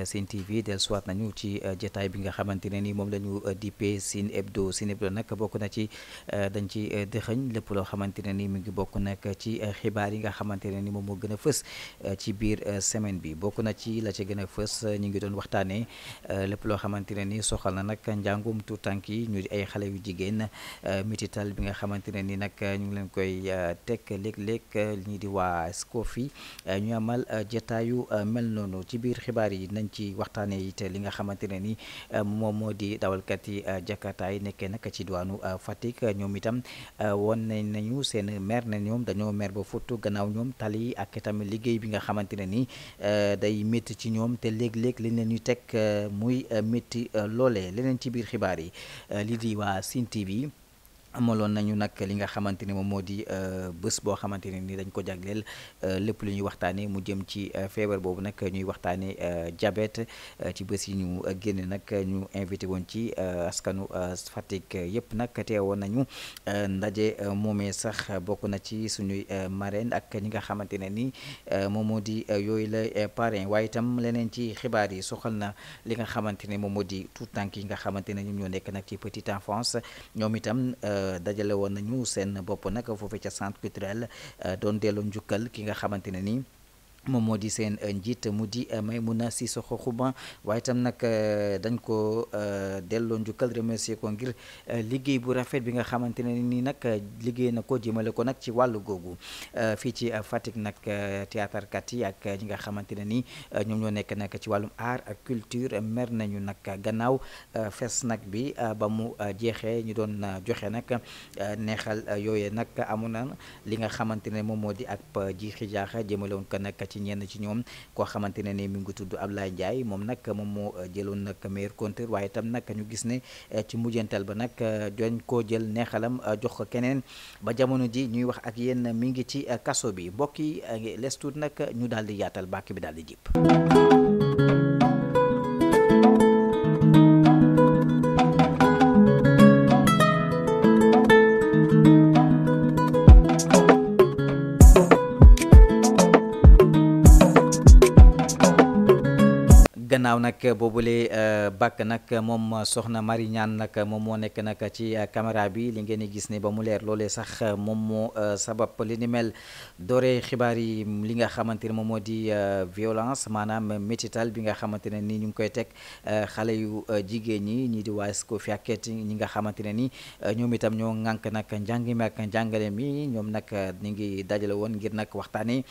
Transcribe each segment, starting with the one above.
Euh, Sine TV del soit nañu ci euh, jataay bi nga xamante ne ni moom la ñu euh, dippee Sine Hebdo Sine Hebdo nag bokk na ci dañ ci dëxëñ lépp loo xamante ne ni mu ngi bokk nag ci xibaar yi nga xamante ne ni moom moo gën a fës ci biir semaine bi bokk na ci la ca gën a fës ñu ngi doon waxtaanee lépp loo xamante ne ni soxal na nag njàngum tànk yi ñu di ay xale yu jigéen mitital bi nga xamante ne ni nag ñu ngi leen koy teg léeg-léeg ñi di waa SCOFI ñu amal jataayu mel noonu ci biir xibaar yi nañ ci waxtaane it li nga xamante ne ni euh, moom moo di dawalkat yi euh, jakarta yi nekkee nag ci diwaanu euh, Fatick ñoom itam woon nañ nañu seen maire na ñoom dañoo maire ba futt gannaaw ñoom tali yi ak itam liggéey bi nga xamante ne ni day métti ci ñoom te léeg-léeg liñ ñu teg muy métti loole leneen ci biir xibaar yi lii di waa Sine TV amaloon nañu nag li nga xamante ni moom moo di euh, bës boo xamante ne ni dañ ko jagleel euh, lépp lu ñuy waxtaanee mu jëm ci euh, feebar boobu nag ñuy waxtaanee diabète ci bës yi ñu génne nag ñu invité woon ci askanu Fatick yëpp nag woon nañu ndaje moomee sax bokk na ci suñuy marraine ak ñi nga xamante ne ni moom moo di yooyu la parrain waaye itam leneen ci xibaar yi soxal na li nga xamante ne moom moo di tout tànk yi nga xamante ne ñoom ñoo nekk nag ci petite enfance ñoom itam. dajale woon nañu seen bopp nag foofu ca centre culturel euh, doon delloo njukkal ki nga xamante ne nii moom moo di seen euh, njiit mu di si euh, Sissoko Koulibaly waaye itam nag euh, dañ ko delloo njukkal remercier ko ngir liggéey bu rafet bi nga xamante ne ni nag liggéey na ko jëmale ko nag ci wàllu googu fii ci Fatick nag théâtre kat ak ñi nga xamante ne ni ñoom ñoo nekk nag ci wàllum art ak culture mer nañu nag gannaaw fes nag bi ba mu jeexee ñu doon joxe nag neexal yooyee nag amoon na li nga xamante ne moom moo di ak jiixi jaaxa jëmale woon ko nag ci ñenn ci ñoom koo xamante ne ni mi ngi tudd ab Ablaye Ndiaye moom nag moom moo euh, jëloon nag meilleur conteur waaye itam nag ñu gis ne euh, ci mujjantal ba nag euh, joñ koo jël neexalam jox ko keneen ba jamono ji ñuy wax ak yenn mi ngi ci kaso bi mbokk yi les tuut nag ñu daal di yaatal bàkk bi daal di jip ginnaaw nag boobule euh, bàkk nag moom soxna Marie Niane nag moom moo nekk nag ci euh, caméra bi li ngeen di gis ni ba mu leer loolee sax euh, moom moo sabab li ni mel doore xibaar yi li nga xamante ne moom moo di violence maanaam métital bi nga xamante ne ni ñu ngi koy teg xale yu jigéen ñi ñii di waa Scoffier ñi nga xamante ne ni ñoom itam ñoo ŋànk nag njàng mi ak njàngale mi ñoom nag ñu ngi dajale woon ngir nag waxtaanee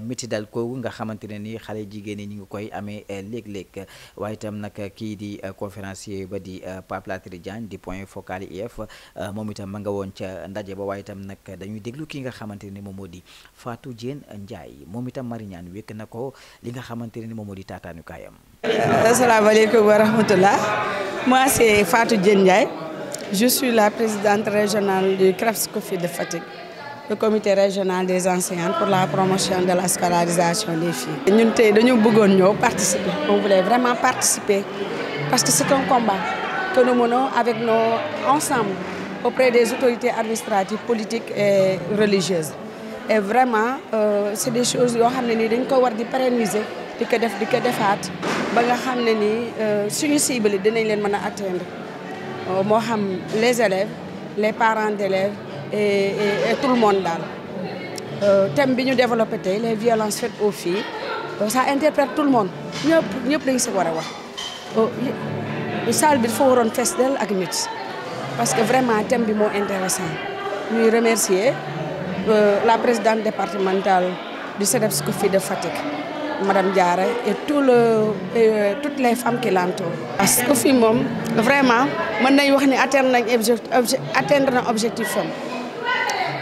métital koogu nga xamante ne ni xale jigéen ñi ñu ngi koy amee léeg-léeg Afrique waaye itam nag kii di uh, conférencier ba di uh, Pape Latri Diagne di point focal IEF uh, moom itam ma nga woon ca ndaje ba waaye itam nag dañuy déglu ki nga xamante ni moom moo di Fatou Dieng Ndiaye moom itam Marignane wékk na ko li nga xamante ne moom moo di taataanu kaayam. asalaamaaleykum wa rahmatullah moi la présidente régionale du CRAFS COFI le comité régional des enseignants pour la promotion de la scolarisation des filles. nous voulons participer on voulait vraiment participer parce que c'est un combat que nous menons avec nos ensemble auprès des autorités administratives politiques et religieuses et vraiment euh, c'est des choses que nous ne nii dañ ko war di pérenniser di ko def di ko nous ba nga nous ne euh, cible a atteindre euh, les élèves les parents d'élèves et, tout le monde Le euh, thème que nous développé les violences faites aux filles euh, ça interprète tout le monde Nous ñëpp lañ ce war a euh, salle bi dafa avec fees ak parce que vraiment thème bi thème intéressant ñuy remercier la présidente départementale du CEDEPS de Fatik, madame Diare et tout le toutes les femmes qui l'entourent. parce que vraiment nous nañ wax ni atteindre un atteindre objectif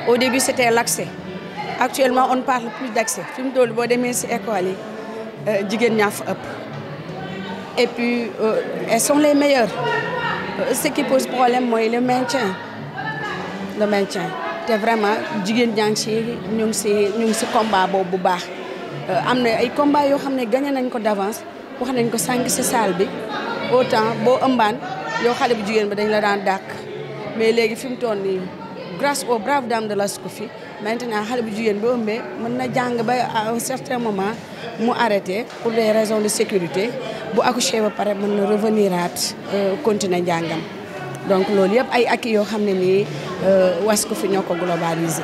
au début, c'était l'accès. Actuellement, on ne parle plus d'accès. Tu me dois demain, c'est école. Euh, Et puis, euh, elles sont les meilleures. Euh, ce qui pose problème, moi, le maintien. Le maintien. C'est vraiment, jigen ñang ci ñung ci ñung ci combat bobu baax Euh amna ay combat yo xamné gagné nañ ko d'avance wax nañ ko sank ci salle bi autant bo ëmbane yo xalé bu jigen ba dañ la daan dak mais légui fim toll grâce aux braves dames de la fi maintenant xale bu jigéen bi ëmbee mën na jàng ba à un certain moment mu arrêté pour des raisons de sécurité bu accouché ba pare mën na revenir aat euh, continuer njàngam donc loolu yëpp ay acquis yoo xam ne nii was euh, ko fi ñoo ko globalisé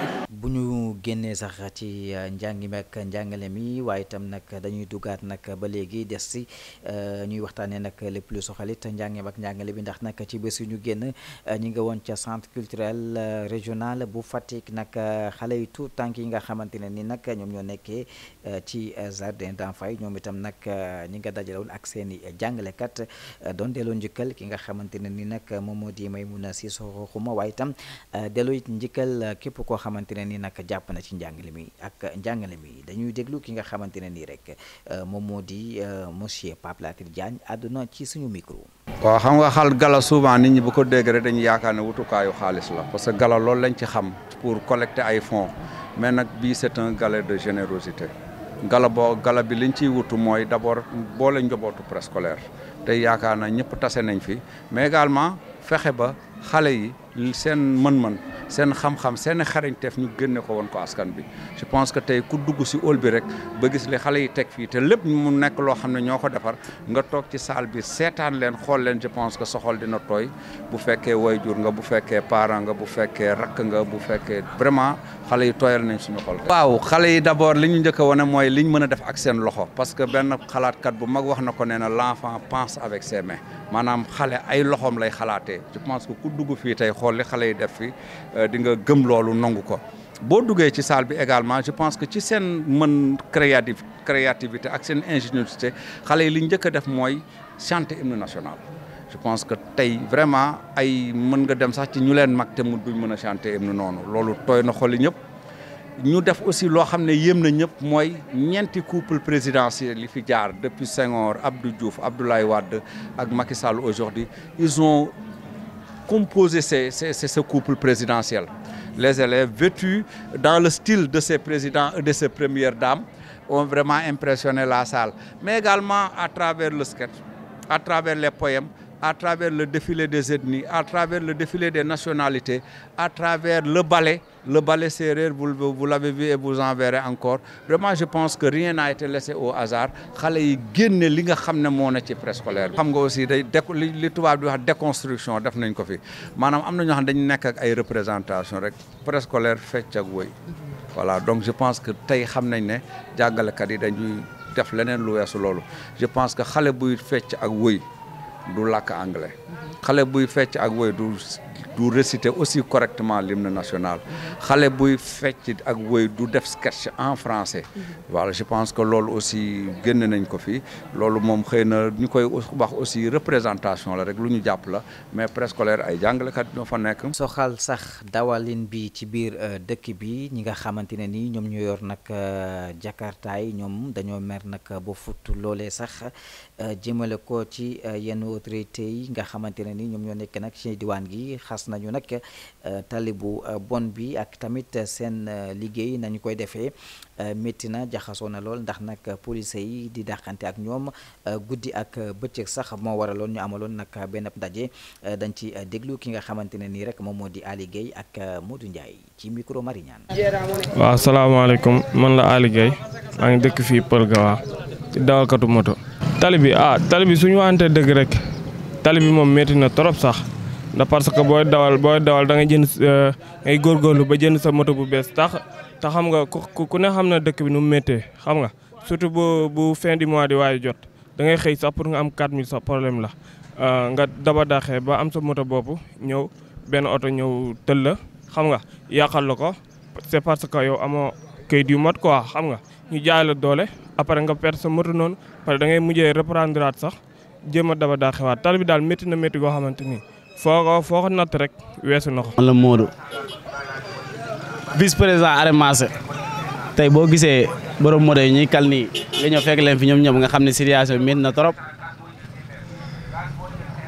génnee sax ci euh, njàngi mi ak njàngale mi waaye itam nag dañuy dugaat nag ba léegi des si euh, ñuy waxtaanee nag lépp lu soxalit njàngi mi njàngale bi ndax nag ci bés yu ñu génn euh, ñi nga woon ca centre culturel régional bu Fatick nag xale yu tuut tànk yi nga xamante ne ni nag ñoom ñoo nekkee ci jardin d'enfants yi ñoom itam nag ñi nga dajaloon ak seen i jàngalekat doon delloo njëkkal ki nga xamante ne ni nag moom moo di Maymuna Sissoko Khouma waaye itam delloo it njëkkal képp koo jàpp na ci njàngale mi ak njàngale mi dañuy déglu ki nga xamante ne nii rek euh, moom moo di euh, monsieur Pape Latir Diagne àdduna ci suñu micro. waa xam nga xal gala souvent nit ñi bu ko dégg dañu yaakaar ne wutukaayu xaalis la parce que gala lool lañ ci xam pour collecter ay fonds mais nag bii c'est un gala de générosité gala boo gala bi li liñ ciy wutu mooy d'abord boole njobootu préscolaire te yaakaar na ñëpp tase nañ fi mais également fexe ba xale yi. seen man man seen xam-xam seen xarañteef ñu génne ko woon ko askan bi je pense que tey ku dugg si hall bi rek ba gis li xale yi teg fii te lépp mu nekk loo xam ne ñoo ko defar nga toog ci salle bi seetaan leen xool leen je pense que sa xol dina tooy bu fekkee wayjur nga bu fekkee parent nga bu fekkee rakk nga bu fekkee vraiment xale yi tooyal nañ suñu xol. waaw xale yi d' abord li ñu njëkk a wane mooy li liñ mën a def ak seen loxo parce que benn xalaatkat bu mag wax na ko nee na l' enfant pense avec ses maanaam xale ay loxoom lay xalaatee xool li def fi euh, di nga gëm lolu nangu ko bo duggee ci salle bi également je pense que ci sen mën créatif créativité ak sen ingéniosité xalé li njëkk def moy chanter hymne national je pense que tay vraiment ay mën nga dem sax ci ñu leen mag te mu duñ mëna a chanter hymne noonu loolu tooy na xoli ñëp ñu def aussi lo xamné yëm na ñëpp moy ñenti couple présidentiel li fi jaar depuis Senghor Abdou Diouf Abdoulaye Wade ak Macky Sall aujourd'hui ils ont composer ces, ce couple présidentiel. Les élèves vêtus dans le style de ces présidents, de ces premières dames, ont vraiment impressionné la salle. Mais également à travers le sketch, à travers les poèmes, à travers le défilé des ethnies, à travers le défilé des nationalités, à travers le ballet. Le ballet serré, vous, vous l'avez vu et vous en verrez encore. Vraiment, je pense que rien n'a été laissé au hasard. Les enfants sortent ce qu'ils savent dans préscolaire. Vous savez aussi, ce les appelle la déconstruction, nous l'avons fait. y nous avons des représentations, préscolaire fait chaque Voilà, donc je pense que aujourd'hui, nous savons que les enfants dañuy def leneen lu je pense que xale buy fecc ak wëy du làkk anglais xale buy fecc ak woy du du réciter aussi correctement l'hymne national xale buy fecc ak woy du def sketch en français voilà je pense que loolu aussi genn nañ ko fi loolu mom xeyna na koy wax aussi représentation la rek luñu japp la mais préscolaire ay jangale kat ñoo fa nekk soxal sax dawalin bi ci biir euh, dëkk bi ñi nga xamante ni ñom ñu yor nag euh, jakartaay ñom dañoo mer nak euh, bo foot lolé sax Euh, jëmale ko ci euh, yenn autorité yi nga xamante ne ni ñoom ñoo nekk nag ci diwaan gi xas nañu nag euh, tali bu bon bi ak tamit seen liggéey nañu koy defee métti na jaxasoo na lool ndax nag police yi di daqante ak ñoom guddi ak bëccëg sax moo waraloon ñu amaloon nag benn daje dañ ci déglu ki nga xamante ne nii rek moom moo di Ali Gueye ak Modou Ndiaye ci micro Marignane. waaw salaamaaleykum man la Ali Gueye dëkk fii Pël Gawa dawalkatu moto. tali bi ah tali bi suñu waxante dëgg rek tali bi moom metti na trop sax ndax parce que booy dawal booy dawal da ngay jënd euh, ngay góorgóorlu ba jënd sa moto bu bees tax te xam nga ku ku ne xam na dëkk bi nu mu xam nga surtout bu bu fin du mois di waaye jot dangay xëy sax pour nga am 4000 sax problème la euh, nga daba daxee ba am sa moto bopp ñëw benn oto ñëw tël la xam nga yàqal la ko c'est parce que yow amoo kayit yu mat quoi xam nga. ñu jaay doole a après nga perte sa moto noonu parce que da ngay mujjee reprendre aat sax jéem a daba daa xewaat tali bi daal métti na métti goo xamante ni foo ko foo ko rek weesu na ko. man la Modou vice président tey boo gisee borom moto yi ñuy kal nii nga ñëw fekk leen fi ñoom nga xam ne situation bi métti na trop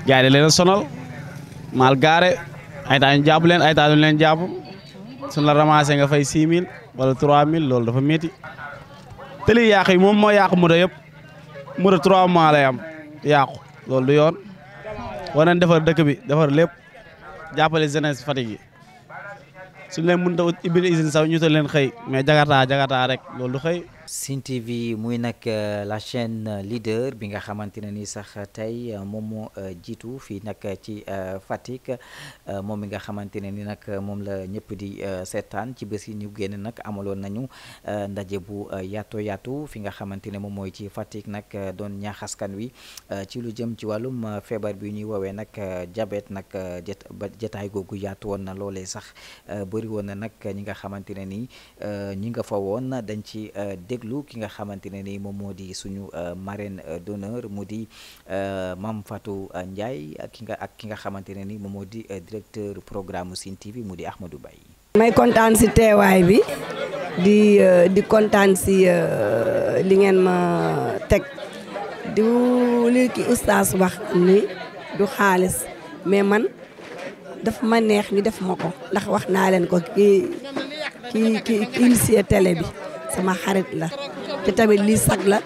gars yi leen a sonal mal gaare ay taa ñu leen ay taa leen jàpp suñu la ramassé nga fay 6 000 wala 3 000 loolu dafa métti. te liy yàq yi moom mooy yàqu moto yëpp moto trois mois lay am yàqu loolu du yoon war nañ defar dëkk bi defar lépp jàppale jeunesse Fatick yi suñ leen mënut a ubbi usine sax ñu utal leen xëy mais jakarta jakarta rek loolu du xëy. Sine TV muy nag euh, la chaîne euh, leader bi nga xamante ne ni sax tey euh, moom moo jiitu fii nag ci Fatick moom mi nga xamante ne ni nag moom la ñëpp di seetaan ci bés yi ñu génn nag amaloon nañu ndaje bu yaatu yaatu fi nga xamante ne moom mooy ci Fatick nag doon ñaax askan wi ci lu jëm ci wàllum feebar bi ñuy woowee nag diabète nag jataay googu yaatu woon na loolee sax bariwoon na nag ñi nga xamante ne ni ñi nga fa woon dañ ci dégg déglu ki nga xamantene ni mom eh, eh, modi suñu marraine d'honneur modi di Mame eh, Fatou ndjay ak ki nga ak ki nga xamantene ni mom modi directeur programme sin TV modi di Ahmadou Baye. may contane ci teewaay bi di di contane ci li ngeen ma tek di li ki oustaz wax ni du xaalis mais man daf ma neex ni def mako ndax wax naa ko ki ki ki initié télé bi sama xarit la te tamit li sag la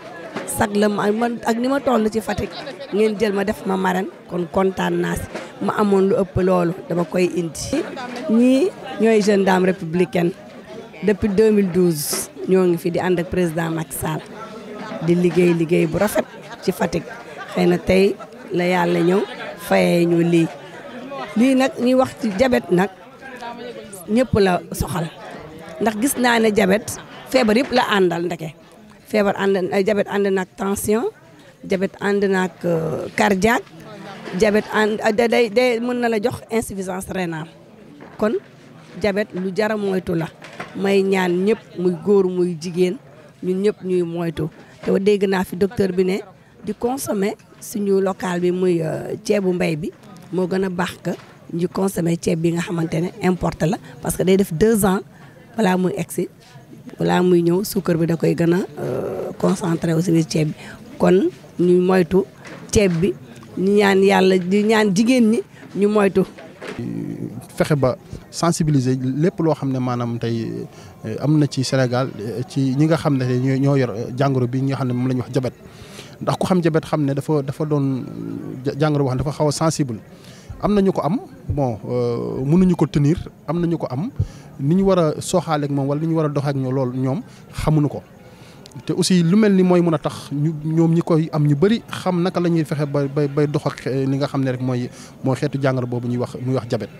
sag la man ak nima tollu ci fatik ngeen jël ma def ma maran kon contane nas ma amone lu ëpp lolu dama koy indi. ñii ñoy gendarme républicain depuis 2012 ñoo ngi fi di and ak président Macky Sall di liggéey liggéey bu rafet ci Fatick xeyna tay la yalla ñew fayé ñu li li nak ñi wax ci jabet nak ñepp la soxal ndax gis na jabet. feebar yëpp la àndal ndeke feebar ànd jabet ànd naag tension jabet ànd naag euh, cardiaque jabet ànd euh, day day mën na la jox insuffisance rénale kon jabet lu jara moytu la may ñaan ñëpp muy góor muy jigéen ñun ñëpp ñuy moytu te dégg naa fi docteur bi ne di consommer suñu local bi muy euh, ceebu mbay bi moo gën a baax ka ñu consommer ceeb bi nga xamante ne importe la parce que day def ans balaa muy egsi balaa muy ñëw suukar bi da koy gën a euh, concentré aussi ci ceeb bi kon ñu moytu ceeb bi ñu ñaan yàlla ñu ñaan jigéen ñi ñu moytu. fexe ba sensibiliser lépp loo xam ne maanaam tey euh, am na ci Sénégal euh, ci ñi nga xam ne ñoo ñoo yor jàngoro bi ñi nga xam ne moom la ñuy wax jabet ndax ku xam jabet xam ne dafa dafa doon jàngoro boo wax ne dafa xaw a sensible. am na ñu ko am bon euh, mënuñu ko tenir am na ñu ko am ni ñu war a sooxaaleeg moom wala ni ñu war a dox ak ñoom loolu ñoom xamuñu ko. te aussi lu mel ni mooy mun a tax ñu ñoom ñi koy am ñu bëri xam naka la ñuy fexe ba bay bay dox ak li eh, nga xam ne rek mooy mooy xeetu jàngoro boobu ñuy wax muy wax jabet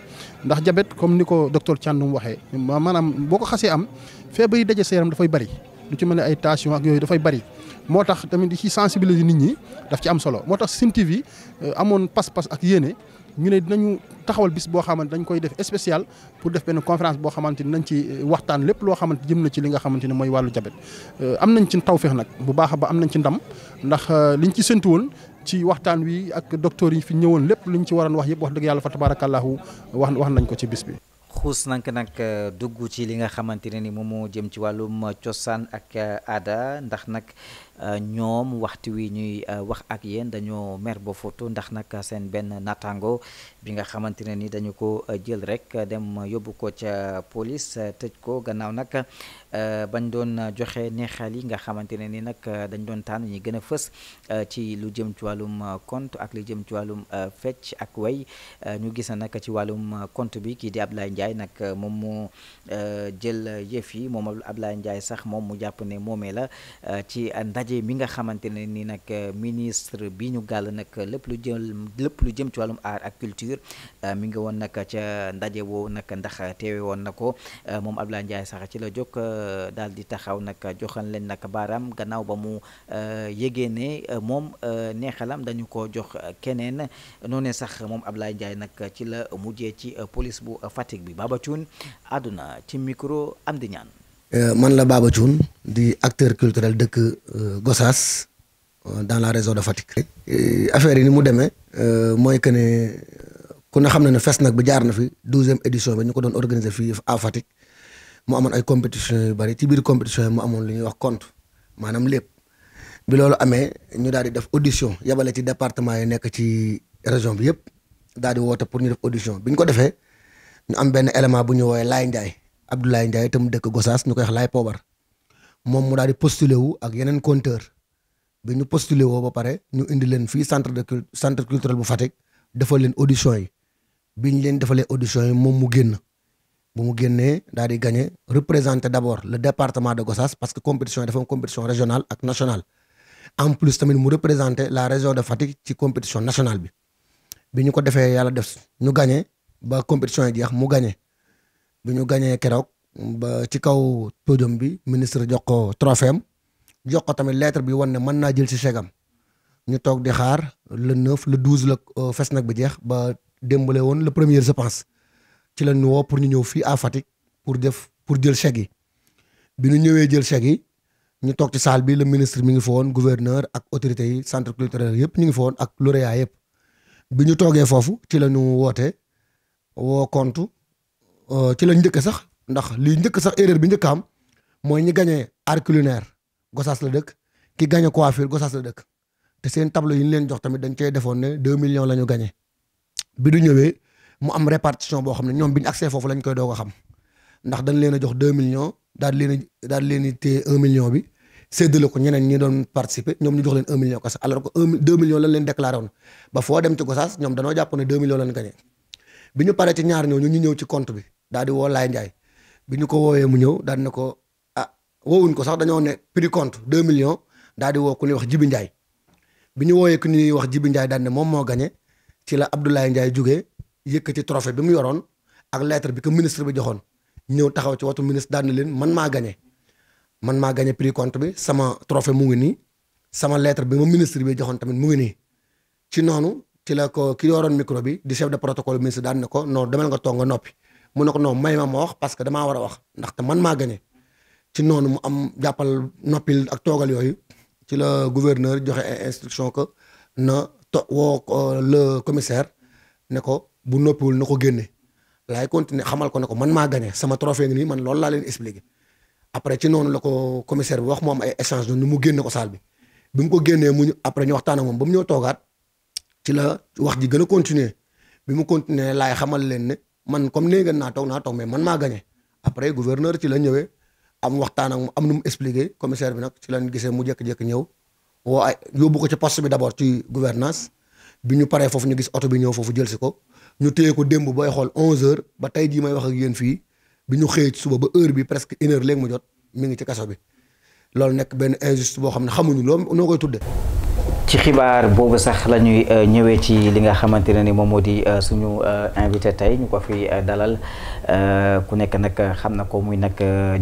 ndax jabet comme ni ko docteur mu waxee maanaam boo ko xasee am feebar yi daje sa dafay bari lu ci mel ne ay tension ak yooyu dafay bari moo tax tamit ci sensibiliser nit ñi daf ci am solo moo tax Sine TV euh, amoon pas-pas ak yéene ñu ne dinañu taxawal bis boo xamante dañ koy def spécial pour def benn conférence boo xamante ni nañ ci waxtaan lépp loo xamante jëm na ci li nga xamante ni mooy wàllu jabet euh, am nañ ci tawféex nag bu ba am nañ ci ndam ndax euh, liñ ci séntu woon ci waxtaan wi ak docteur yi fi ñëwoon lépp liñ ci waroon wax yëpp wax dëgg yàlla fa tabaarakallaahu wax wax nañ ko ci bis bi. nank nag euh, dugg ci li nga xamante ne ni moom moo jëm ci wàllum cosaan ak aada ndax nag. Euh, ñoom waxtu wi ñuy euh, wax ak yéen dañoo mer ba foto ndax nag seen benn natango bi nga xamante ne ni dañu ko euh, jël rek dem yóbbu ko ca police tëj ko gannaaw nag bañ doon joxe neexal yi nga xamante ne ni nag dañ doon tànn ñi gën a fës ci lu jëm ci wàllum compte ak lu jëm ci wàllum fecc ak way ñu gisa na ci wàllum compte bi kii di Ablaye Ndiaye nag moom moo jël yëf yi moom Ablaye Ndiaye sax moom mu jàpp ne moomee la ci ndaje ndaje mi nga xamante ne ni nag euh, ministre bi ñu gàll nag lépp lu jëm lépp lu jëm ci wàllum art ak culture euh, mi ngi woon nag ca ndaje woowu nag ndax teewe woon na ko euh, moom Abdoulaye njaay sax ci la jokk daal di taxaw nag joxal leen nag baaraam gannaaw ba mu yëgee ne moom neexalam dañu ko jox keneen noonee sax moom ab Abdoulaye Ndiaye nag ci la mujjee ci police bu Fatick bi Baba Thioune àdduna ci micro am di ñaan Euh, man la Baba Thioune di acteur culturel dëkk euh, Gossas euh, dans la région de Fatick. affaire yi ni mu demee mooy que ne ku ne xam na ne fes nag bi jaar na fi douzième édition bi ñu ko doon organiser fii à Fatick mu amoon ay compétition yu bari ci biir compétition yi mu amoon lu ñuy wax compte maanaam lépp bi loolu amee ñu daal di def audition yabale ci département yi nekk ci région bi yëpp daal di woote pour ñu def audition bi ñu ko defee ñu am benn élément bu ñu woowee Laye Ndiaye. Abdoulaye Ndiaye itam dëkk Gosaas ñu koy wax Laay Poobar moom mu daal di postuler wu ak yeneen compteur bi ñu postuler woo ba pare ñu indi leen fii centre de centre culturel bu Fatick defal leen audition yi bi ñu leen defalee audition yi moom mu génna bu mu génnee daal di gagné représenter d'abord le département de Gossas parce que compétition yi dafa am compétition régionale ak national en plus tamit mu représenter la région de Fatick ci compétition nationale bi bi ñu ko defee yàlla def ñu gagné ba compétition yi jeex mu gagné bi gagné kérok ba ci kaw podium bi ministre joko trophée joko tamit lettre bi wonné man na jël ci ségam ñu tok di xaar le 9 le 12 le euh, fess nak bi jeex ba dembalé won le premier je pense ci la nuwo pour ñu ñëw fi à Fatick pour def pour jël ségi yi bi ñu ñëwee jël ségi ñu tok ci salle bi le ministre mi ngi fa gouverneur ak autorité yi centre culturel yépp ñu ngi fa ak lauréat yépp bi ñu toogee foofu ci la ñu woté wo compte Euh, ci lañ njëkk sax ndax lii njëkk sax erreur bi njëkk am mooy ñi gagné art culinaire Gossas la dëkk ki gagné coiffure Gossas la dëkk te seen tableau yi ñu leen jox tamit dañ cey defoon ne 2 millions la ñu bi du ñëwee mu am répartition boo xam ne ñoom bi ñu accès foofu lañ koy doog a xam ndax dañ leen a jox 2 millions daal di leen a daal bi séddale ko ñeneen ñi doon participer ñoom ñu jox leen 1 million kese alors que 1 2 millions lañ leen déclaré woon ba foo dem millions lañ bi ñu paree ci ñaar ñoo ñu ñëw ci compte bi daal di woo Laye Ndiaye bi ñu ko woowee mu ñëw daal di ne ko ah woowuñ ko sax dañoo ne prix compte 2 millions daal di woo ku ñuy wax Jibi Ndiaye bi ñu wooyee ku ñuy wax Jibi Ndiaye daal ne moom moo gagné ci la Abdoulaye Ndiaye jugee yëkkati trophée bi mu yoroon ak lettre bi ko ministre bi joxoon ñëw taxaw ci watu ministre daan ne leen man maa gagné man maa gagné prix compte bi sama trophée mu ngi nii sama lettre bi ma ministre bi joxoon tamit mu ngi nii ci noonu. ci la ko ki yoroon micro bi di chef de protocole ministre daan ne ko non demal nga toog nga noppi mu ne ko non may ma ma wax parce que damaa war a wax ndaxte man maa gagné ci noonu mu am jàppal noppil ak toogal yooyu ci la gouverneur joxe instruction que na to woo le commissaire ne ko bu ko génne laay continuer xamal ko ne ko man maa gagné sama trophée ngi ma man loolu laa leen expliqué après ci noonu la ko commissaire bi wax moom am ay échange nu mu génne ko saal bi bi mu ko génne mu après ñu waxtaan ak moom ba ñoo ñëw toogaat. ci la wax ji gën a continuer bi mu continuer laay xamal leen ne man comme nee ngeen naa toog naa toog mais man maa gagné après gouverneur ci la ñëwee am waxtaan mu am nu mu expliquer commissaire bi nag ci lañ gisee mu jékki-jékki ñëw woo ay yóbbu ko ci poste bi d'abord ci gouvernance bi ñu paree foofu ñu gis oto bi ñëw foofu jël si ko ñu téye ko démb booy xool 11h ba tey jii may wax ak yéen fii bi ñu xëyee ci suba ba heure bi presque une heure léegi mu jot mi ngi ci kaso bi loolu benn injuste boo xam ne xamuñu loo noo koy tudde ci xibaar boobu sax la ñuy euh, ñëwee ci li nga xamante ne ni euh, suñu euh, invité Tay, ñu ko fi dalal ku nekk nag xam na ko muy nag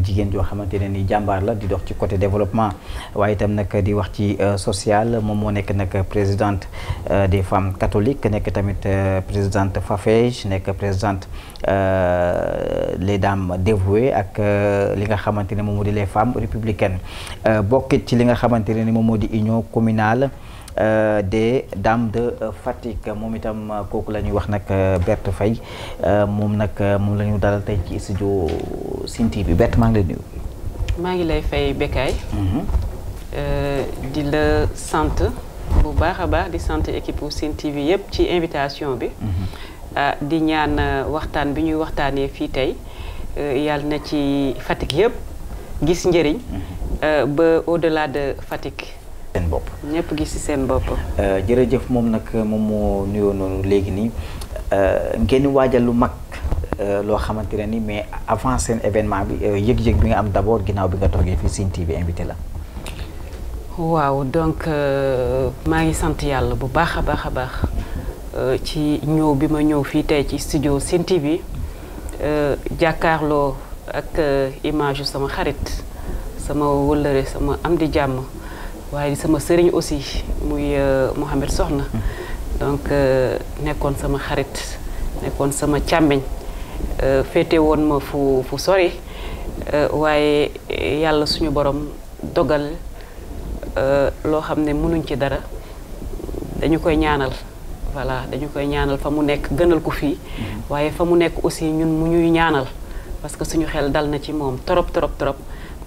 jigéen joo xamante ne la di dox ci côté développement waaye itam nag di wax ci social moom moo nekk nag présidente des femmes catholiques nekk tamit présidente FAFEJ nekk présidente les dames dévouées ak li nga xamante ne moom les femmes républicaines bokkit ci li nga xamante ne ni union communale Euh, des dames de Fatick moom itam kooku la ñuy wax nag euh, Berthe Faye euh, moom nag moom lañu dalal tey ci studio Sine TV bi Berthe maa ngi lay nuyu. maa ngi lay fay Bécaye. Mhm. di la sant bu baax a baax di sant équipe Sine TV yëpp ci invitation bi. Mhm. Ah, di ñaan waxtaan bi ñuy waxtaanee fii tey yàlla na ci Fatick yëpp gis njëriñ. Mhm. ba au-delà de Fatick. seen bopp. ñëpp gis ci seen bopp. Euh, jërëjëf moom nag moom moo nuyoo noonu léegi nii euh, ngeen waajal lu mag euh, loo xamante ne ni mais avant seen événement bi yëg-yëg bi nga am d'abord ginnaaw bi nga toogee fii Sine TV invité la. waaw donc maa ngi sant yàlla bu baax a baax a baax ci ñëw bi ma ñëw fii tey ci studio Sine TV jàkkaarloo ak image sama xarit sama wëllëre sama am di jàmm. waaye sama sëriñ aussi muy euh, Mouhamed Soxna mm-hmm. donc euh, nekkoon sama xarit nekkoon sama càmmeñ euh, féete woon ma fu fu sori waaye yàlla suñu borom dogal loo xam ne mënuñ ci dara dañu koy ñaanal voilà dañu koy ñaanal fa mu nekk gënal ko fii mm-hmm. waaye fa mu nekk aussi ñun mu ñuy ñaanal parce que suñu xel dal na ci moom trop trop trop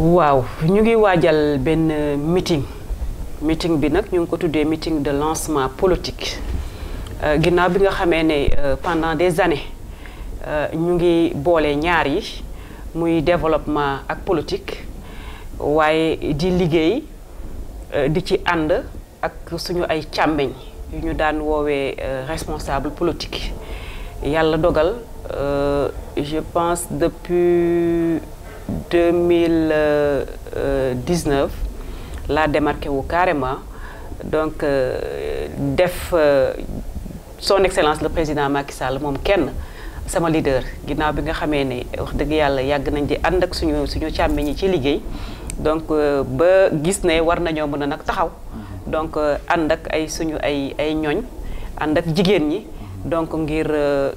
waaw ñu ngi waajal benn meeting meeting bi nag ñu ngi ko tuddee meeting de lancement politique euh, ginnaaw bi nga xamee ne euh, pendant des années euh, ñu ngi boole ñaar yi muy développement ak politique waaye di liggéey di ci ànd ak suñu ay càmmeñ yu ñu daan woowee responsable politique yàlla dogal je pense depuis. 2019 euh, euh, la démarqué wu carrément donc euh, def son excellence le président Macky Sall moom kenn sama leader ginnaaw bi nga xamee ne wax dëgg yàlla yàgg nañ di ànd ak suñu suñu càmmiñ yi ci liggéey donc ba gis ne war nañoo mën a taxaw mhm. donc ànd ak ay suñu ay ay ñooñ ànd ak jigéen ñi mhm. donc ngir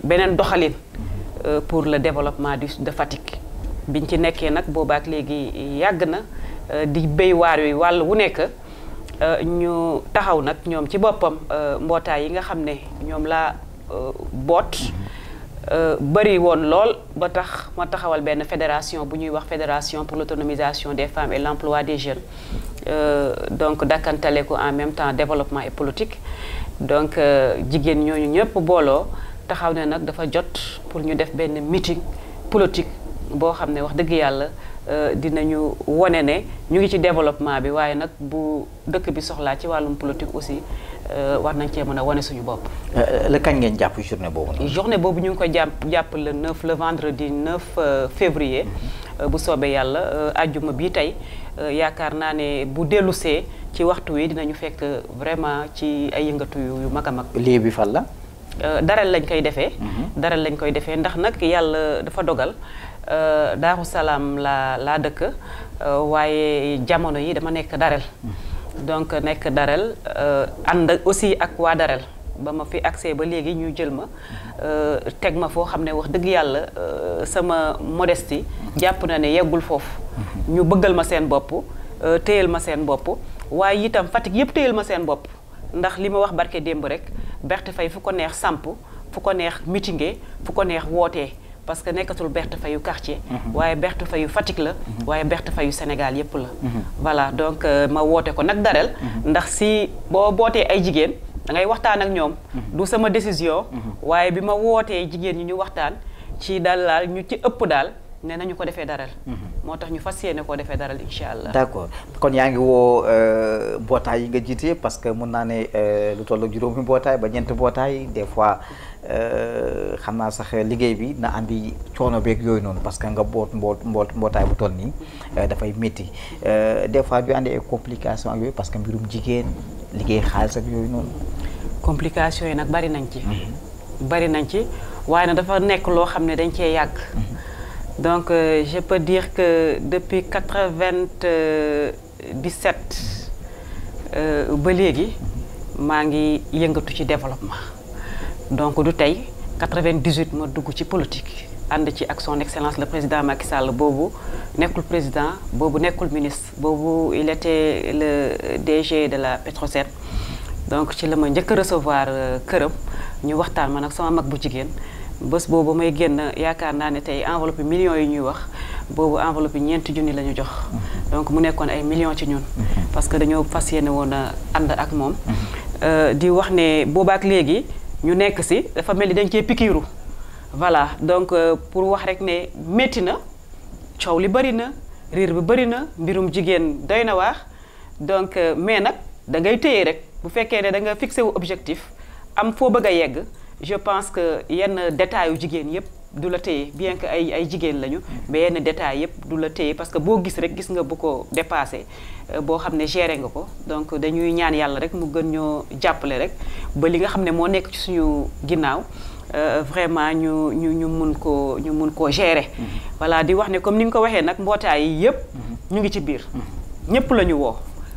beneen doxalin mhm. pour le développement du de Fatik biñ ci nekkee nag boobaak légui yàgg na euh, di béy waar yooyu wàll wu nekk euh, ñu taxaw nak ñom ci bopam euh, mbootaay yi nga xamné ñom la bot bari won lol ba tax ma taxawal ben fédération bu ñuy wax fédération pour l'autonomisation des femmes et l'emploi des jeunes euh, donc dakkantale ko en même temps développement et politique donc jigen ñooñu ñëpp bolo taxaw ne nak dafa jot pour ñu def ben meeting politique boo xam ne wax dëgg yàlla euh, dinañu wone ne ñu ngi ci developpement bi waaye nag bu dëkk bi soxlaa ci wàllum politique aussi euh, war nañ cee mën a wone suñu bopp. Euh, la kañ ngeen jàpp journée boobu. journée boobu ñu ngi ko jàpp jàpp le 9 le vendredi 9 février. Mhm. bu soobee yàlla àjjuma bii tey yaakaar naa ne bu dellusee ci waxtu wi dinañu fekk vraiment ci ay yëngatu yu mag a mag. lii bi fan la. daral lañ koy defee. Mhm. daral lañ koy defee ndax nag yàlla dafa dogal. Euh, Daaru Salaam laa laa dëkk euh, waaye jamono yi dama nekk Darel donc nekk Darel euh, ànd aussi ak waa Darel ba ma fi accès ba léegi ñu jël ma teg ma foo xam ne wax dëgg yàlla sama modestie jàpp na ne yeggul foofu ñu bëggal ma seen bopp téyal ma seen bopp waaye itam Fatick yëpp téyal ma seen bopp ndax li ma wax barke démb rek Berthe Faye fu ko neex samp fu ko neex mitinge fu ko neex wootee parce que nekkatul Berthe Faye yu quartier. Mhm. waaye Berthe Faye yu Fatick la. Mhm. waaye Berthe Faye yu Sénégal yépp la. Mhm. voilà donc euh, ma woote ko nag daral ndax si boo bootee ay jigéen da ngay waxtaan ak ñoom. du sama décision. waaye bi ma wootee jigéen ñi ñu waxtaan ci dalal ñu ci ëpp daal. ne nañu ko defee daral moo tax ñu fas yéene koo defee daral incha allah. d'accord kon yaa ngi woo euh, mbootaay yi nga jiite parce que mun naa ne euh, lu toll ak juróomi mbootaay ba ñeent bootaay des fois. xam naa sax liggéey bi na andi coono beeg yooyu noonu parce que nga boot mboot mboot mbootaay bu toll nii euh, dafay métti euh, des fois du andi complication ak yooyu parce que mbirum jigéen liggéey xaalis ak yooyu noonu complication yi nag bari nañ ci mhm. bari nañ ci waaye nag dafa nekk loo xam ne dañ cee yàgg mhm. donc euh, je peux dire que depuis quatre-vingt-dix-sept ba léegi maa ngi yëngatu ci développement donc du tay 98 ma dugg ci politique and ci ak son excellence le président Macky Sall bobu nekul président bobu nekul ministre bobu il était le DG de la Petrosen donc ci la ma njëkk recevoir euh, kërëm ñu waxtaan man ak sama mag bu jigen bëss bobu may génn yaakaar naa ne tey enveloppe millions yi ñuy wax boobu enveloppe ñeenti junni la ñu jox donc mu nekkoon ay millions ci ñun mhm. parce que dañoo fas yéene woon a ànd ak moom mhm. euh, di wax ne boobaak léegi ñu nekk si dafa mel ni dañ cee voilà donc euh, pour wax rek ne métti na coow li bëri na riir bi bëri na mbirum jigéen doy na donc euh, mais nag da ngay rek bu da nga wu objectif am a yegg je pense que yenn détails du la teye bien que ay ay jigéen lañu. mais yenn détails yëpp du la teye parce que boo gis rek gis nga bu ko dépassé euh, boo xam ne géré nga ko donc dañuy ñaan yàlla rek mu gën ñoo jàppale rek ba li nga xam ne moo nekk ci suñu ginnaaw euh, vraiment ñu ñu ñu mun koo ñu mun koo géré. Mm-hmm. voilà di wax ne comme ni nga ko waxee nag mbootaay yi yëpp. Mm-hmm. ñu ngi ci biir. Mm-hmm. ñëpp la ñu woo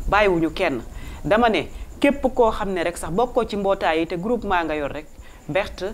bàyyiwuñu kenn dama ne képp koo xam ne rek sax bokkoo ci mbootaay yi te groupement nga yor rek berte.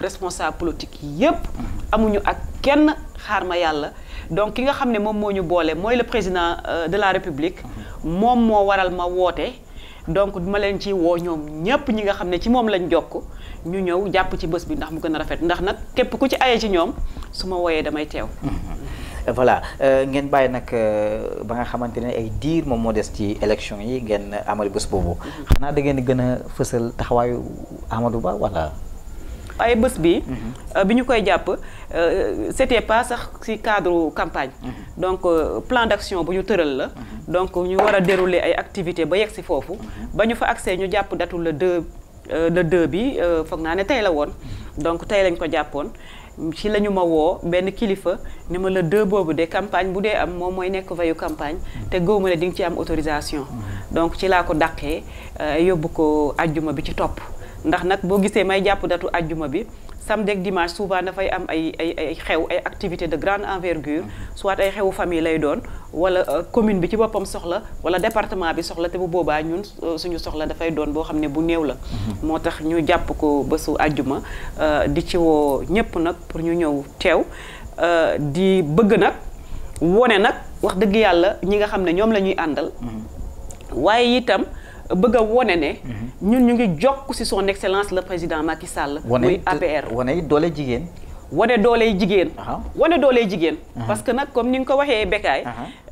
responsable politique yépp amuñu ak kenn xaar ma yàlla donc ki nga xam ne moom moo ñu boole mooy le président euh, de la république moom moo waral ma woote donc duma leen ci woo ñoom ñépp ñi nga xam ne ci moom lañ jokk ñu ñëw jàpp ci bës bi ndax mu gën a rafet ndax nag képp ku ci aye ci ñoom su ma wooyee damay teew voilà euh, ngeen bàyyi nag euh, ba nga xamante ne ay diir moom moo des ci élection yi ngeen amal bës boobu mm-hmm. xanaa da ngeen gën a fësal taxawaayu Amadou Ba wala ay bës bi mhm. euh, bi ñu koy jàpp euh, c'était pas sax ci cadre campagne mhm. donc euh, plan d'action bu ñu tëral la mhm. donc ñu war a dérouler ay activités ba yegg si foofu ba ñu fa accès ñu jàpp datu le deux le deux bi foog naa ne tey la woon donc tey lañ ko jàppoon ci la ñu ma woo benn kilifa ni ma la deux boobu de campagne bu dee am moom mooy nekk veyu campagne te góob ma di nga ci am autorisation donc ci laa ko dàqee yóbbu ko ajjuma bi ci topp ndax nag boo gisee may jàpp datu ajjuma bi samedi ak dimanche souvent dafay am ay ay ay xew ay activité de grande envergure mm-hmm. soit ay xewu famille lay doon wala euh, commune bi ci boppam soxla wala département bi soxla te bu boobaa ñun euh, suñu soxla dafay doon boo xam ne bu néew la mm-hmm. moo tax ñu jàpp ko bésu ajjuma euh, di ci woo ñépp nag pour ñu ñëw teew di bëgg nag wone nag wax dëgg yàlla ñi nga xam ne ñoom la ñuy àndal mm-hmm. waaye itam bëgg a wone ne. Mhm. ñun ñu ngi jokk ci son excellence la président Macky Sall. muy APR wane doole jigéen. wane doole jigéen. wane doole jigéen. Mhm. parce que nag comme ni nga ko waxee Bécaye.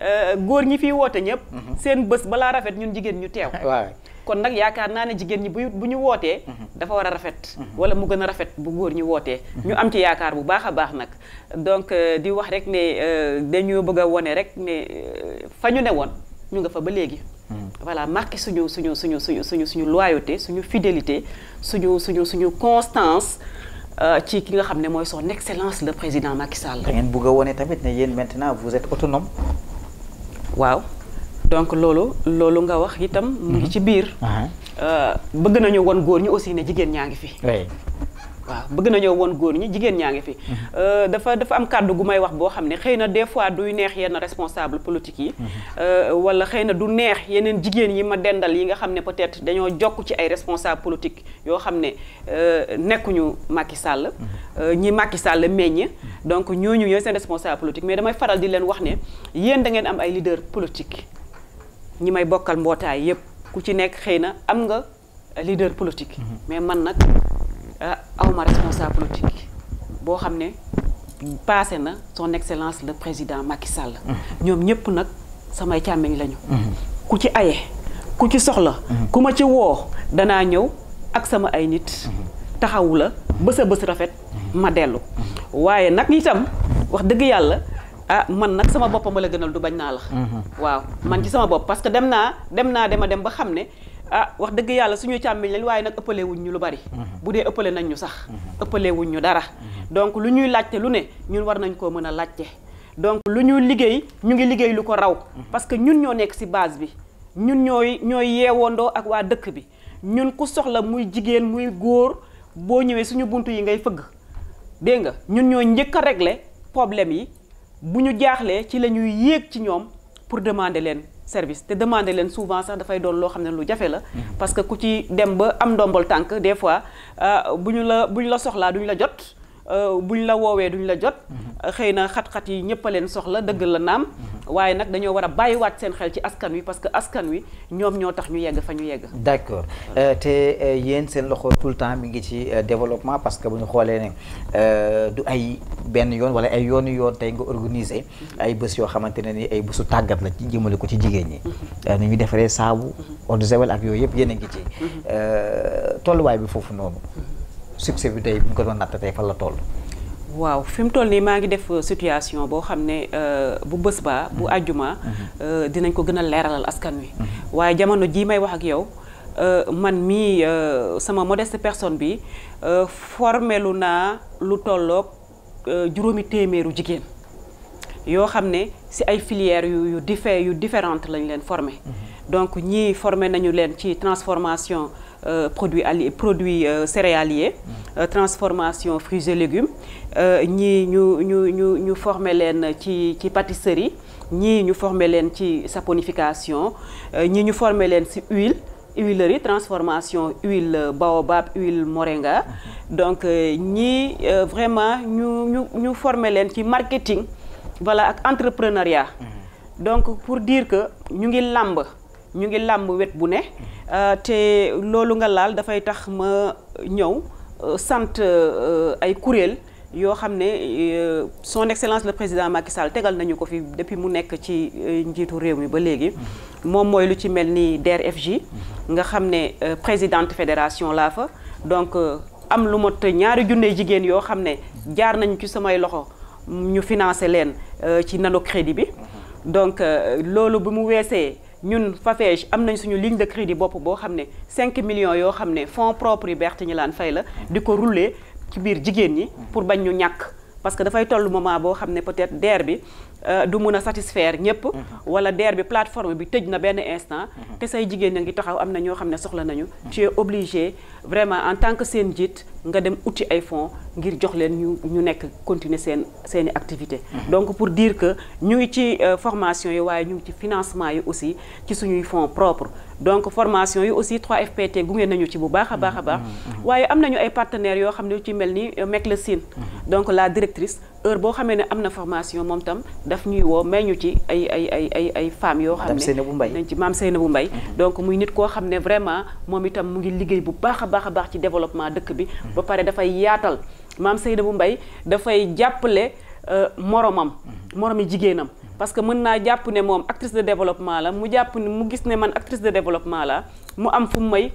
Euh, góor ñi fiy woote ñëpp. Mhm. seen bës balaa rafet ñun jigéen ñu teew. kon nag yaakaar naa ne jigéen ñi bu bu ñu wootee. dafa war a rafet. wala mu gën a rafet bu góor ñi wootee. ñu am ci yaakaar bu baax a baax nag. donc euh, di wax rek ne euh, dañoo bëgg a wone rek ne fa ñu ne woon ñu nga fa ba léegi. voilà loyauté suñu fidélité suñu suñu constance euh, ci ki son excellence le président Macky Sall. maintenant vous êtes autonome. waaw donc lolo, lolu nga wax itam. ngi mhm. ci biir. Mhm. Euh, bëgg nañu won aussi waaw bëgg nañoo woon góor ñi jigéen ñaa ngi fi. Mm-hmm. Euh, dafa dafa am kàddu gu may wax boo xam ne xëy na des fois duy neex yenn responsable politique yi. Mm-hmm. Euh, wala xëy na du neex yeneen jigéen yi ma dendal yi nga xam ne peut-être dañoo jokk ci ay responsable politique yoo xam ne euh, nekkuñu Macky Sall. Mm-hmm. ñi Macky Sall meññ. donc ñooñu ñooy seen responsable politique mais damay faral di leen wax ne yéen da ngeen am ay leader politique ñi may bokkal mbootaay yépp ku ci nekk xëy na am nga leader politique. mais man nag. ah awma responsable politique boo xam ne passé na son excellence le président Macky Sall. Mm-hmm. ñoom ñëpp nag samay càmmiñ lañu. Mm-hmm. ku ci ayé ku ci soxla. Mm-hmm. ku ma ci wo dana ñew ak sama ay nit. taxawu la bës a rafet ma dellu. waaye nak itam wax dëgg yalla ah man nak sama bopam la gënal du bañ na la. waaw man ci sama bop parce que demna, demna, dema dem ba xamné ah wax dëgg yàlla suñu càmmiñ lañ waaye nag ëppalewuñ ñu lu bari. Mhm. bu dee ëppale nañ ñu sax. Mhm. ëppalewuñ ñu dara. Mhm. donc lu ñuy laajte lu ne ñun war nañ koo mën a laajte. donc lu ñu liggéey ñu ngi liggéey lu ko raw. parce que ñun ñoo nekk ci base bi. ñun ñooy ñooy yeewandoo ak waa dëkk bi ñun ku soxla muy jigéen muy góor boo ñëwee suñu bunt yi ngay fëgg. dégg nga ñun ñoo njëkk a régler problème yi bu ñu jaaxlee ci la ñuy yéeg ci ñoom pour demander leen. service te demander leen souvent ça dafay doon loo xam ne lu jafé la. parce que ku ci dem ba am ndombol tank des fois euh buñu la buñu la soxla du la jot. Euh, buñ la woowee duñu la jot mhm. euh, xëy na xat-xat yi ñëpp leen soxla dëgg la naam mhm. waaye nag dañoo war a bàyyiwaat seen xel ci askan wi parce que askan wi ñoom ñoo tax ñu yegg fa ñu yegg d'accord euh, te yéen seen loxo tout le temps mi ngi ci développement parce que bu ñu xoolee ne du ay benn yoon wala ay yoonu yoon tey nga organiser mhm. ay bés yoo xamante ne ni ay bésu tàggat la ci jëmale ko ci jigéen ñi ni ñu defaree saabu eau de ak yooyu yëpp yéen a ngi ci tolluwaay bi foofu noonu succès bi tey bu ko doon natt tey fan la toll. waaw fi mu toll nii maa ngi def euh, situation boo xam ne euh, bu bés ba bu mm-hmm. àjjuma mm-hmm. Euh, dinañ ko gën a leeralal askan wi mm-hmm. waaye jamono jii may wax ak yow man mii sama modeste personne bi formelu naa lu tolloog juróomi téeméeru jigéen yoo xam ne si ay filières yu yu diffé yu différente lañ leen formé donc ñii formé nañu leen ci transformation euh, produits produits euh, céréaliers euh, transformation fruits et légumes nous nous ñu ñu nous formons pâtisserie nous nous formons qui ci saponification nous nous formons huile huilerie transformation huile baobab huile moringa donc nous vraiment nous ñu ñu qui marketing voilà entrepreneuriat mm-hmm. donc pour dire que nous ngi lambes, ñu ngi lamb wet bu ne euh, te loolu nga laal dafay tax ma ñew euh, sante euh, ay kuréel yo xamné son excellence le président Macky Sall tégal nañu ko fi depuis mu nekk ci njitu réew mi ba légui mom moy lu ci melni ni DRFJ nga xamné présidente fédération laa fa donc am luma te ñaari junne jigéen yo xamné jaar nañ ci samay loxo ñu financer leen ci nano crédit bi donc lolu bi mu weesee ñun Fafège am nañ suñu ligne de crédit bop bo xamné 5 millions yo xamné fonds propres yi berthié lan fay la diko rouler ci bir jigen ñi pour bañ ñu ñak parce que da fay tollu moment bo xamné peut-être DER bi euh, du mun satisfaire ñëpp. Mhm. wala DER bi plateforme bi tëj na benn instant. Mhm. té say jigéen nga ngi taxaw amna ño xamné soxla nañu. Mhm. tu es obligé vraiment en tant que sen njiit nga dem outil ay fonds ngir jox leen ñu ñu nekk continuer sen sen activité donc pour dire que ñu ngi ci euh, formation yi waye ñu ngi ci financement yi aussi ci suñuy fonds propres donc formation yi aussi 3FPT gumé nañu ci bu baaxa baaxa baax waye baax. waaye ay partenaires yo xamné ci melni ni euh, Sine donc la directrice. heure boo xamee ne am na formation moom tam daf ñuy woo may ñu ci ay ay ay ay ay femmes yoo xam ne nañ ci maam bu mbay mhm. donc muy nit koo xam ne vraiment moom itam mu ngi liggéey bu baax a baax a baax ci développement dëkk bi mhm. ba pare dafay yaatal maam bu mbay dafay jàppale euh, moromam mhm. moromi jigéenam parce que mën naa jàpp ne moom actrice de développement la mu jàpp ne mu gis ne man actrice de développement la mu am fu may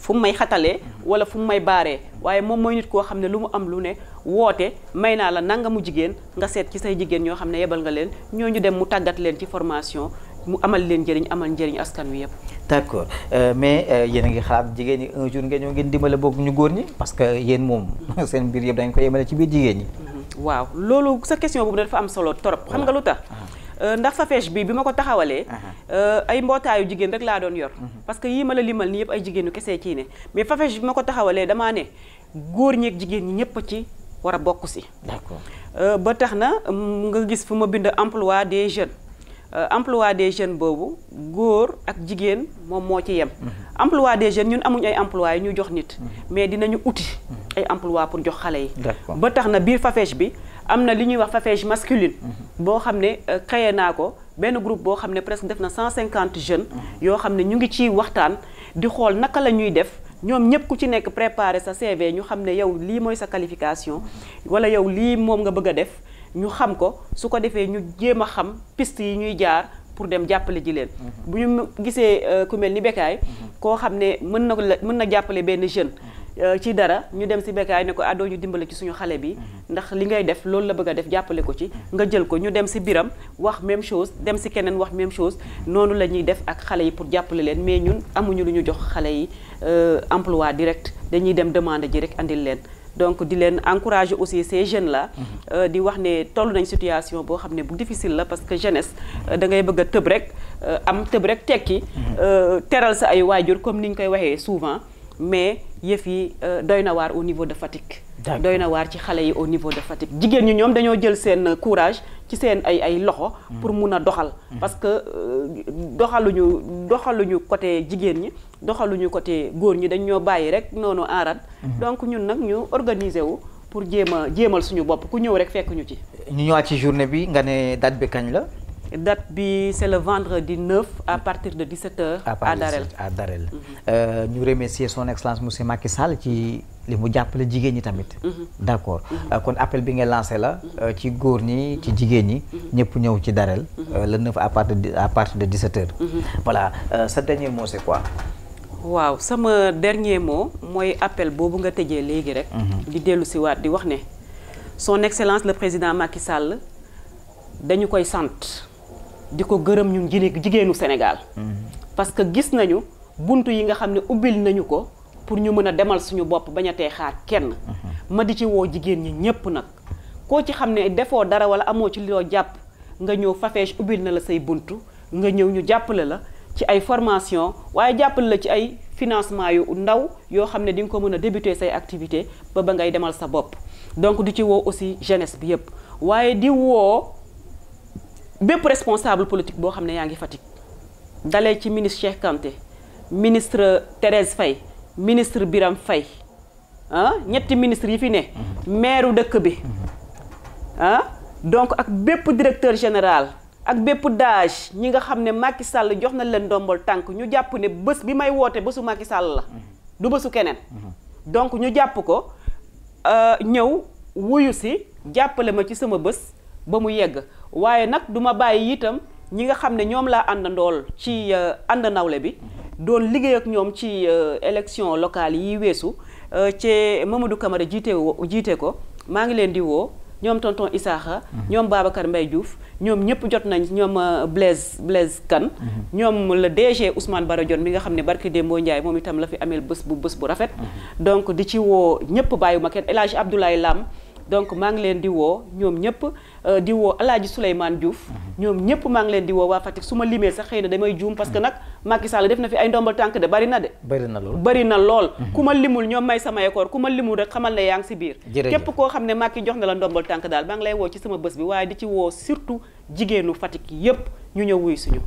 fu mu may xatalee wala fu mu may baaree waaye moom mooy nit koo xam ne lu mu am lu ne woote may naa la nanga mu jigéen nga seet ci say jigéen ñoo xam ne yebal nga leen ñoo ñu dem mu tàggat leen ci formation mu amal leen njëriñ amal njëriñ askan wi yëpp. d'accord euh, mais euh, yéen ngi xalaat jigéen yi un jour nga ñëw ngeen dimbale boobu ñu góor ñi parce que yéen moom seen biir yëpp dañ ko yemale ci biir jigéen ñi. waaw loolu sa question boobu dafa am solo trop xam nga lu tax. Ah. Euh, ndax fa fesh bi bima ko euh ay mbootaayu jigen rek la doon yor mhm. parce que yii ma la limal ni yëpp ay jigéenu kesse ci ne mais fa fesh bima ko taxawale dama ne góor ñek jigen ñi ñep ci wara bokku ci d'accord euh ba taxna mm, nga gis fuma bind emploi des jeunes euh, emploi des jeunes bobu góor ak jigen mom mo ci yem mhm. emploi des jeunes ñun amuñ ay emploi ñu jox nit mhm. mais dinañu uti ay emploi pour jox xalé yi ba taxna bir fa fesh bi am na li ñuy wax fafège masculine mhm. boo xam ne euh, créé naa ko benn groupe boo xam ne presque def na cent 150 jeunes mhm. yoo xam ne ñu ngi ciy waxtaan di xool naka la ñuy def ñoom ñëpp ku ci nekk préparer sa CV ñu xam ne yow lii mooy sa qualification mhm. wala yow lii moom nga bëgg a def ñu xam ko su ko defee ñu jéem a xam piste yi ñuy jaar pour dem jàppale ji leen bu ñu gisee euh, ku mel ni Bécaye koo xam ne mën na mën na jàppale benn jeune Euh, ci dara ñu dem si bekkaay ne ko ah ñu dimbale ci suñu xale bi mhm. ndax li ngay def loolu la bëgg def jàppale ko ci mhm. nga jël ko ñu dem si biram wax même chose dem si keneen wax même chose mhm. noonu la ñuy def ak xale yi pour jàppale leen mais ñun amuñu lu ñu jox xale yi euh, emploi direct dañuy dem demande ji rek indil leen donc di leen encourager aussi ces jeunes là euh, di wax ne toll nañ situation boo xam ne bu difficile la parce que jeunesse da ngay bëgg a tëb rek am tëb rek tekki teral sa ay waajur comme ni ñu koy waxee souvent mais yëf yi euh, doy na waar au niveau de Fatick. doy na waar ci xale yi au niveau de Fatick jigéen ñi ñoom dañoo jël seen courage ci seen ay ay loxo. pour mun a doxal. Mm-hmm. parce que euh, doxaluñu doxaluñu côté jigéen ñi doxaluñu côté góor ñi dañ ñoo bàyyi rek noonu aaraat. Mm-hmm. donc ñun nag ñu organiser wu pour jéem a jéemal suñu bopp ku ñëw rek fekk ñu ci. ñu ñëwaat ci journée bi nga ne date bi kañ la. date bi c'est le vendredi 9 à partir de 17h. à Darel à Darel Nous mhm. euh, remercions son excellence monsieur Macky Sall ci li mu jàppale jigen ñi tamit. Mhm. d'accord mhm. Euh, kon appel bi nga lancé la. Euh, ci góor ñi ci jigen ñi. ñëpp ñew ci Darel. le 9 à partir de à partir de 17h. voilà sa dernier mot c'est quoi. waaw sama dernier mot moy appel bobu nga avez légui rek. di dellu ci waat di wax son excellence le président Macky Sall dañu koy sante di ko gërëm ñun jigéenu Sénégal parce que gis nañu bunt yi nga xam ne ubbil nañu ko pour ñu mën a demal suñu bopp bañ a tee xaar kenn ma di ci woo jigéen ñi ñépp nag koo ci xam ne defoo dara wala amoo ci loo jàpp nga ñëw Fafech ubbil na la say buntu nga ñëw ñu jàppale la ci ay formation waaye jàppale la ci ay financement yu ndaw yoo xam ne di nga ko mën a débuter say activité ba ba ngay demal sa bopp donc di ci woo aussi jeunesse bi yépp waaye di bépp responsable politique boo xam ne yaa ngi Fatick dalee ci ministre Cheikh Kanté ministre Thérèse fay ministre Biram fay ah ñetti ministre yi fi ne maire dëkk bi ah donc ak bépp directeur général ak bépp daaj ñi nga xam ne Macky Sall jox na leen ndombol tànk ñu jàpp ne bés bi may woote bésu Macky Sall la du bésu keneen donc ñu jàpp ko euh, ñëw wuyu si jàppale ma ci sama bés ba mu yegg waaye nag du ma bàyyi itam ñi nga xam ne ñoom laa àndandool ci euh, ànd nawle bi doon liggéey ak ñoom ci euh, élection locale yi weesu euh, ci Mamadou Camara jiite wo jiite ko maa ngi leen di woo ñoom tonton Isaaxa mhm. ñoom baabakar mbay Diouf ñoom ñëpp jot nañ ñoom Blaise Blaise kan mhm. ñoom le DG Ousmane Baradione mi nga xam ne barki Dembo Ndiaye moom itam la fi ameel bés bu bës bu rafet mhm. donc di ci woo ñëpp bàyyiwuma kenn El Hadj Abdoulaye Lam donc maa ngi leen di woo ñoom ñëpp Euh, di woo Alaaji Souleymane Diouf ñoom ñëpp maa ngi leen di woo waa Fatick su ma limee sax xëy na damay juum parce que nag Macky Sall def na fi ay ndombal tànk de bari na de bari na lool bari na lool mhm. ku ma limul ñoom may sama yakoor ku ma limul rek xamal ne yaa ngi si biir képp koo xam ne Macky jox na la ndombal tànk daal maa ngi lay woo ci sama bés bi waaye di ci woo surtout jigéenu Fatick yépp ñu ñëw wuy suñu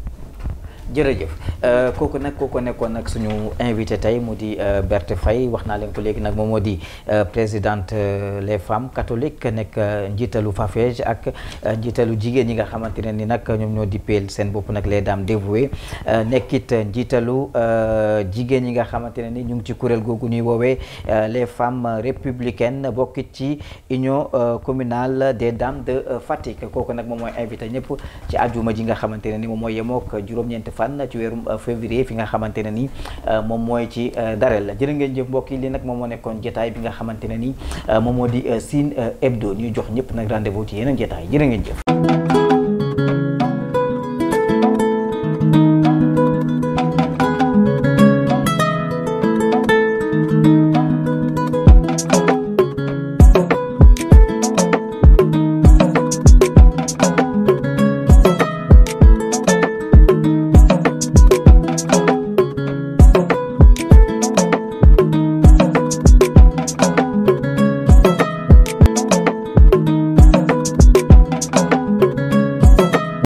jërëjëf euh, kooku nag kooku nekkoon nag suñu invité tey mu di euh, Berthe Faye wax naa leen ko léegi nag moom moo di euh, présidente les femmes catholiques nekk njiitalu Fafej ak njiitalu jigéen ñi nga xamante ne ni nag ñoom ñoo di peel seen bopp nag les dames dévouées nekkit njiitalu jigéen ñi nga xamante ne ni ñu ngi ci kuréel googu ñuy woowee les femmes républicaines bokkit ci union communale des dames de Fatick kooku nag moom mooy invité ñëpp ci ajuma ji nga xamante ne ni moom mooy yemook juróom fa fan ci weerum euh, février fi nga xamante ne nii euh, moom mooy ci euh, Darel jërë ngeen jëf mbokk yi li nag moom moo nekkoon jotaay bi nga xamante ne ni moom moo di Sine Hebdo ñuy jox ñëpp nag rendez-vous ci yeneen jotaay jërë ngeen jëf